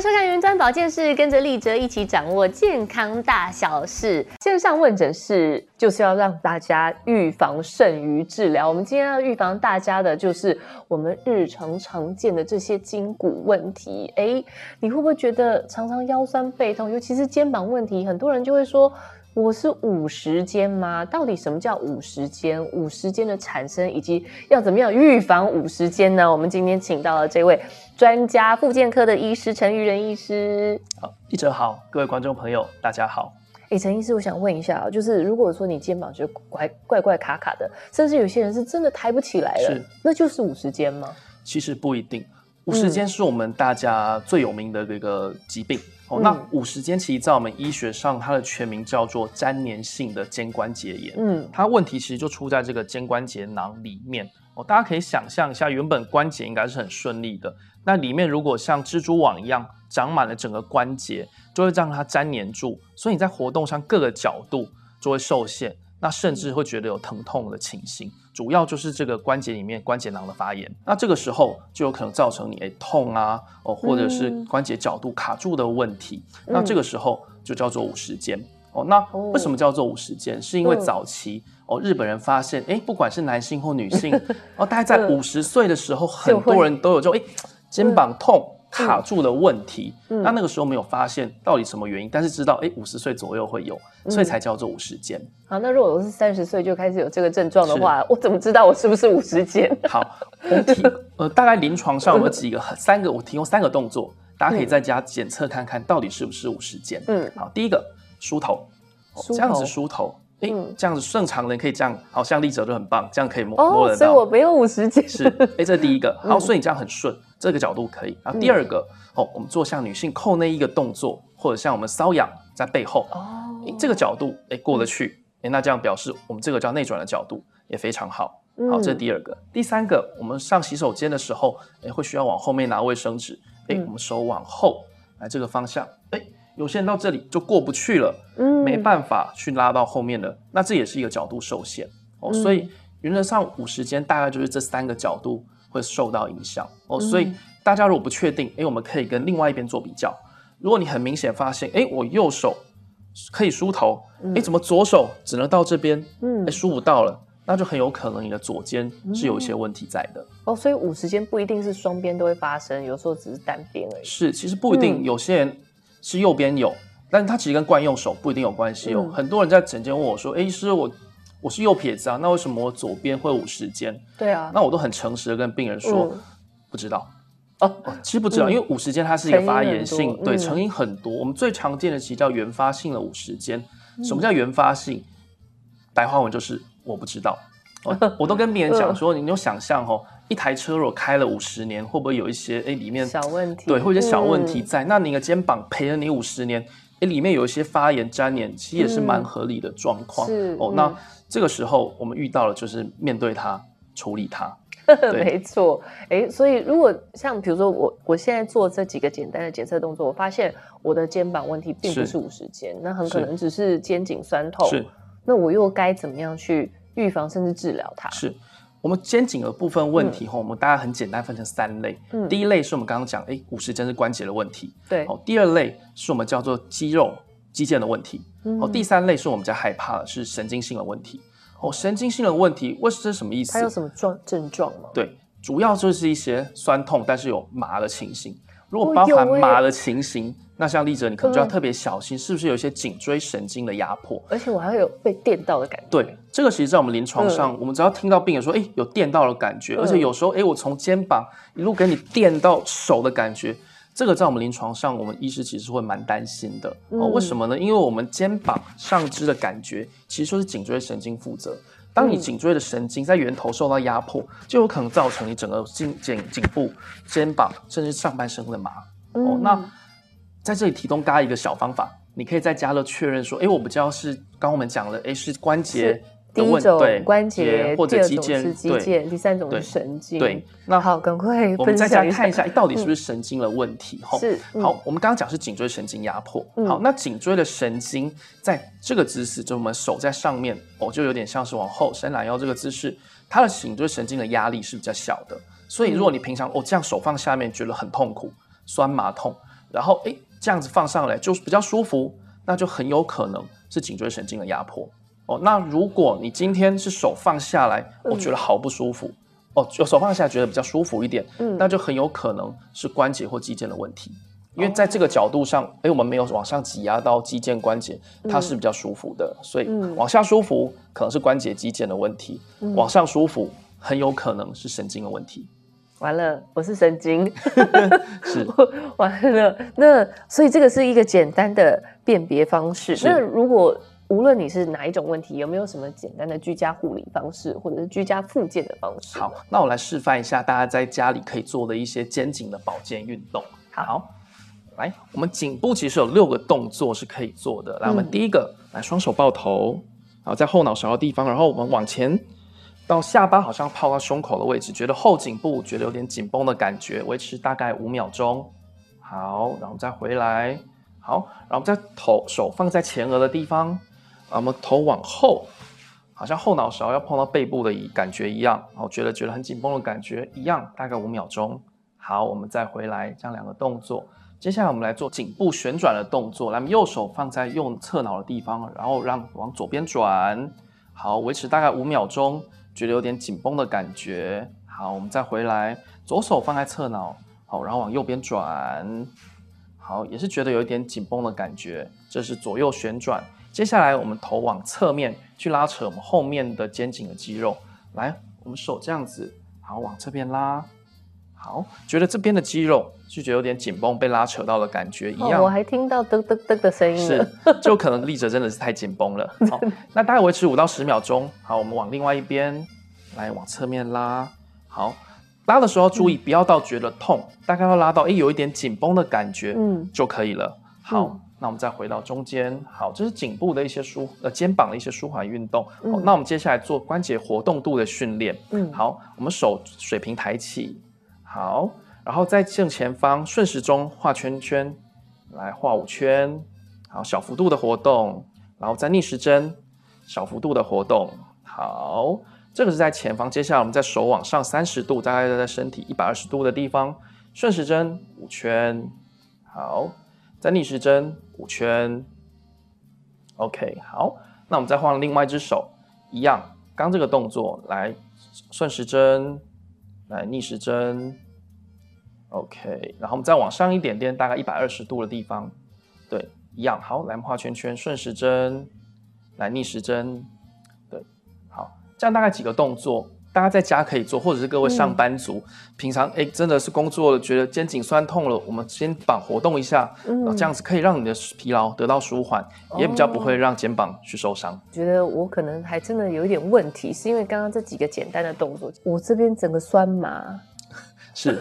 歡迎收看雲端保健室，跟着立喆一起掌握健康大小事。線上問診室就是要讓大家預防勝於治療。我們今天要預防大家的就是我們日常常見的這些筋骨問題。哎，你會不會覺得常常腰酸背痛，尤其是肩膀問題，很多人就會說。我是五十肩嗎？到底什麼叫五十肩？五十肩的產生以及要怎麼樣預防五十肩呢？我們今天請到了這位專家——復健科的醫師陳渝仁醫師。好，立喆好，各位觀眾朋友，大家好。哎、欸，陳醫師，我想問一下啊，就是如果說你肩膀覺得怪怪怪卡卡的，甚至有些人是真的抬不起來了，是。那就是五十肩嗎？其實不一定，五十肩是我們大家最有名的這個疾病。嗯哦、那五十肩其實，在我們醫學上，它的全名叫做沾黏性的肩關節炎。嗯，它問題其實就出在這個肩關節囊裡面。哦，大家可以想象一下，原本關節應該是很順利的，那裡面如果像蜘蛛網一樣長滿了整個關節，就會讓它沾黏住，所以你在活動上各個角度就會受限。那甚至會覺得有疼痛的情形，主要就是這個關節裡面關節囊的發炎。那這個時候就有可能造成你誒痛啊，哦或者是關節角度卡住的問題、嗯。那這個時候就叫做五十肩。哦，那為什麼叫做五十肩？哦、是因為早期哦日本人發現，誒，不管是男性或女性，呵呵哦大概在五十歲的時候呵呵，很多人都有這種誒肩膀痛。卡住的問題，那、嗯嗯、那個時候沒有發現到底什麼原因，嗯、但是知道哎，五十歲左右會有、嗯，所以才叫做五十肩。好，那如果我是三十歲就開始有這個症狀的話，我怎麼知道我是不是五十肩？好，我提 呃，大概臨床上有幾個 三個，我提供三個動作，大家可以在家檢測看看到底是不是五十肩。嗯，好，第一個梳頭、喔、梳頭，這樣子梳頭，誒、嗯欸，這樣子正常人可以這樣，好像立喆都很棒，這樣可以摸、哦、摸得到，所以我沒有五十肩。是，誒、欸，這是第一個，好，嗯、所以你這樣很順。這個角度可以，然後第二個、嗯、哦，我們做像女性扣那一個動作，或者像我們瘙癢在背後哦，這個角度哎過得去哎，那這樣表示我們這個叫內轉的角度也非常好，好、嗯、這是第二個，第三個我們上洗手間的時候哎會需要往後面拿衛生紙哎，我們手往後來這個方向哎，有些人到這裡就過不去了，嗯，沒辦法去拉到後面的，那這也是一個角度受限哦、嗯，所以原則上五十肩大概就是這三個角度。會受到影響哦，所以大家如果不確定，哎、嗯欸，我們可以跟另外一邊做比較。如果你很明顯發現，哎、欸，我右手可以梳頭，哎、嗯欸，怎麼左手只能到這邊，哎、嗯欸，梳不到了，那就很有可能你的左肩是有一些問題在的。嗯、哦，所以五十肩不一定是雙邊都會發生，有的時候只是單邊而已。是，其實不一定，嗯、有些人是右邊有，但是他其實跟慣用手不一定有關係哦、嗯。很多人在診間問我說，哎、欸，師傅」。我是右撇子啊，那為什麼我左邊會有五十肩？對啊，那我都很誠實的跟病人說，嗯、不知道哦、啊，其實不知道，嗯、因為五十肩它是一個發炎性，對，成因很多、嗯。我們最常見的其實叫原發性的五十肩，什麼叫原發性？白話文就是我不知道，嗯喔、我都跟病人講說、嗯，你有想象哦、喔，一台車如果開了五十年，會不會有一些誒、欸、裡面小問題？對，嗯、對會有一些小問題在、嗯。那你的肩膀陪了你五十年，誒、欸，裡面有一些發炎粘連，其實也是蠻合理的狀況。哦、嗯喔，那。嗯這個時候，我們遇到了就是面對它，處理它。呵呵沒錯，哎，所以如果像比如說我，我現在做這幾個簡單的檢測動作，我發現我的肩膀問題並不是五十肩，那很可能只是肩頸痠痛。是，那我又該怎麼樣去預防甚至治療它？是我們肩頸的部分問題哈、嗯，我們大家很簡單分成三類、嗯。第一類是我們剛剛講，哎，五十肩是關節的問題。對，第二類是我們叫做肌肉。肌腱的問題、嗯哦、第三類是我們比較害怕的是神經性的問題哦，神經性的問題為什麼這是什麼意思？它有什麼狀症狀嗎？對，主要就是一些酸痛，但是有麻的情形。如果包含麻的情形，哦欸、那像立喆你可能就要特別小心，是不是有一些頸椎神經的壓迫？而且我還有被電到的感覺。對，這個其實，在我們臨床上、嗯，我們只要聽到病人說，哎、欸，有電到的感覺，而且有時候，哎、欸，我從肩膀一路給你電到手的感覺。這個在我們臨床上，我們醫師其實會蠻擔心的哦。為什麼呢？因為我們肩膀上肢的感覺，其實就是頸椎神經負責。當你頸椎的神經在源頭受到壓迫，就有可能造成你整個頸頸頸部、肩膀甚至上半身的麻。嗯、哦，那在這裡提供大家一個小方法，你可以在家了確認說，誒、欸，我不知道是剛剛我們講了，誒、欸，是關節。第一種關節或者肌腱，對，第三種是神經。對，對那好，趕快我們再來看一下、嗯，到底是不是神經的問題？嗯、是。好，嗯、我們剛剛講是頸椎神經壓迫。好，那頸椎的神經在這個姿勢，就我們手在上面、嗯、哦，就有點像是往後伸懶腰這個姿勢，它的頸椎神經的壓力是比較小的。所以，如果你平常、嗯、哦這樣手放下面覺得很痛苦、酸麻痛，然後哎、欸、這樣子放上來就是比較舒服，那就很有可能是頸椎神經的壓迫。哦、那如果你今天是手放下來，我、哦嗯、覺得好不舒服。哦，手放下覺得比較舒服一點，嗯、那就很有可能是關節或肌腱的問題。嗯、因為在這個角度上，哎、哦，我們沒有往上擠壓到肌腱關節，它是比較舒服的。嗯、所以、嗯、往下舒服，可能是關節肌腱的問題、嗯；往上舒服，很有可能是神經的問題。完了，我是神經。 是，完了。那所以這個是一個簡單的辨別方式。那如果。無論你是哪一種問題，有沒有什麼簡單的居家護理方式，或者是居家復健的方式？好，那我來示範一下，大家在家裡可以做的一些肩頸的保健運動。好。好，來，我們頸部其實有六個動作是可以做的。來，我們第一個，嗯、來雙手抱頭，好，在後腦勺的地方，然後我們往前到下巴，好像泡到胸口的位置，覺得後頸部覺得有點緊繃的感覺，維持大概五秒鐘。好，然後我們再回來。好，然後我們再頭手放在前額的地方。我們頭往後，好像後腦勺要碰到背部的感覺一樣，我覺得覺得很緊繃的感覺一樣，大概五秒鐘。好，我們再回來，這樣兩個動作。接下來我們來做頸部旋轉的動作，來，右手放在右側腦的地方，然後讓往左邊轉。好，維持大概五秒鐘，覺得有點緊繃的感覺。好，我們再回來，左手放在側腦，好，然後往右邊轉。好，也是覺得有一點緊繃的感覺，這是左右旋轉。接下來，我們頭往側面去拉扯我們後面的肩頸的肌肉。來，我們手這樣子，好，往這邊拉。好，覺得這邊的肌肉就覺得有點緊繃，被拉扯到的感覺一樣、哦。我還聽到嘚嘚嘚的聲音，是，就可能立着真的是太緊繃了。 好，那大概維持五到十秒鐘。好，我們往另外一邊來往側面拉。好，拉的時候注意不要到覺得痛，嗯、大概要拉到哎、欸、有一點緊繃的感覺，嗯就可以了。嗯、好。嗯那我們再回到中間，好，這是頸部的一些舒呃肩膀的一些舒緩運動好，嗯。那我們接下來做關節活動度的訓練。嗯，好，我們手水平抬起，好，然後在正前方順時針畫圈圈，來畫五圈，好，小幅度的活動，然後再逆時針小幅度的活動。好，這個是在前方。接下來我們在手往上三十度，大概在身體一百二十度的地方，順時針五圈，好，再逆時針。五圈，OK，好，那我們再換另外一隻手，一樣，剛這個動作來順時針，來逆時針，OK，然後我們再往上一點點，大概一百二十度的地方，對，一樣，好，來我們畫圈圈，順時針，來逆時針，對，好，這樣大概幾個動作。大家在家可以做，或者是各位上班族，嗯、平常哎、欸、真的是工作了，覺得肩頸痠痛了，我們肩膀活動一下，嗯、然後這樣子可以讓你的疲勞得到舒緩，哦，也比較不會讓肩膀去受傷。覺得我可能還真的有一點問題，是因為剛剛這幾個簡單的動作，我這邊整個痠麻。 是，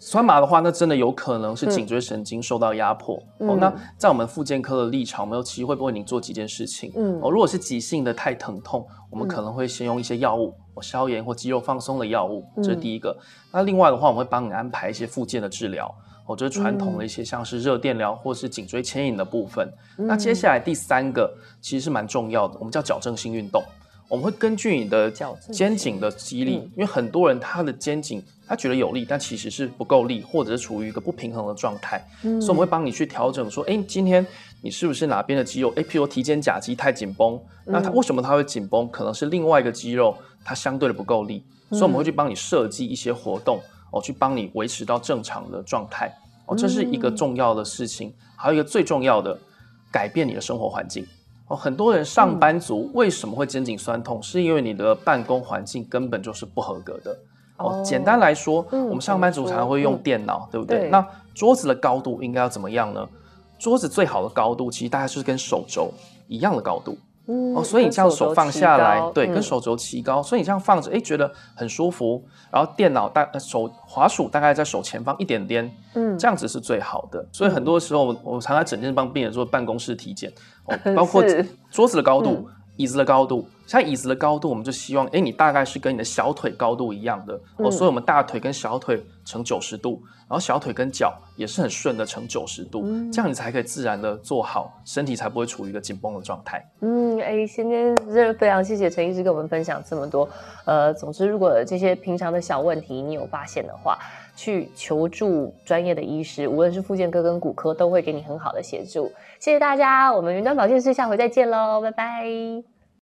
痠麻的話，那真的有可能是頸椎神經受到壓迫。嗯、哦，那在我們復健科的立場，我們又其實有機會為你做幾件事情。嗯，哦，如果是急性的太疼痛，我們可能會先用一些藥物，我、嗯哦、消炎、或肌肉放鬆的藥物，這是第一個。嗯、那另外的話，我們會幫你安排一些復健的治療。或、哦、者、就是、傳統的一些像是熱電療或是頸椎牽引的部分。嗯、那接下來第三個其實是蠻重要的，我們叫矯正性運動。我們會根據你的肩頸的肌力、嗯，因為很多人他的肩頸他覺得有力，但其實是不夠力，或者是處於一個不平衡的狀態。嗯、所以我們會幫你去調整，說，哎，今天你是不是哪邊的肌肉？誒，譬如說提肩胛肌太緊繃，嗯、那他為什麼他會緊繃？可能是另外一個肌肉它相對的不夠力、嗯，所以我們會去幫你設計一些活動，哦，去幫你維持到正常的狀態。哦，這是一個重要的事情，嗯、還有一個最重要的，改變你的生活環境。哦，很多人上班族為什麼會肩頸痠痛、嗯？是因為你的辦公環境根本就是不合格的。哦，哦，簡單來說、嗯，我們上班族常常會用電腦、嗯，對不對，對？那桌子的高度應該要怎麼樣呢？桌子最好的高度其實大概就是跟手肘一樣的高度。哦，所以你這樣手放下來，對，跟手肘齊高、嗯，所以你這樣放着，哎，覺得很舒服。然後電腦大，手滑鼠大概在手前方一點點，嗯，這樣子是最好的。所以很多時候我、嗯、我常常整天幫病人做辦公室體檢，哦，包括桌子的高度、椅子的高度嗯，椅子的高度。像椅子的高度，我們就希望，哎，你大概是跟你的小腿高度一樣的。嗯、哦，所以我們大腿跟小腿成九十度，然後小腿跟腳也是很順的呈九十度，嗯，這樣你才可以自然的坐好，身體才不會處於一個緊繃的狀態。嗯，哎，今天真的非常謝謝陳醫師跟我們分享這麼多。呃，總之如果這些平常的小問題你有發現的話，去求助專業的醫師，無論是復健科跟骨科，都會給你很好的協助。謝謝大家，我們雲端保健室下回再見嘍，拜拜。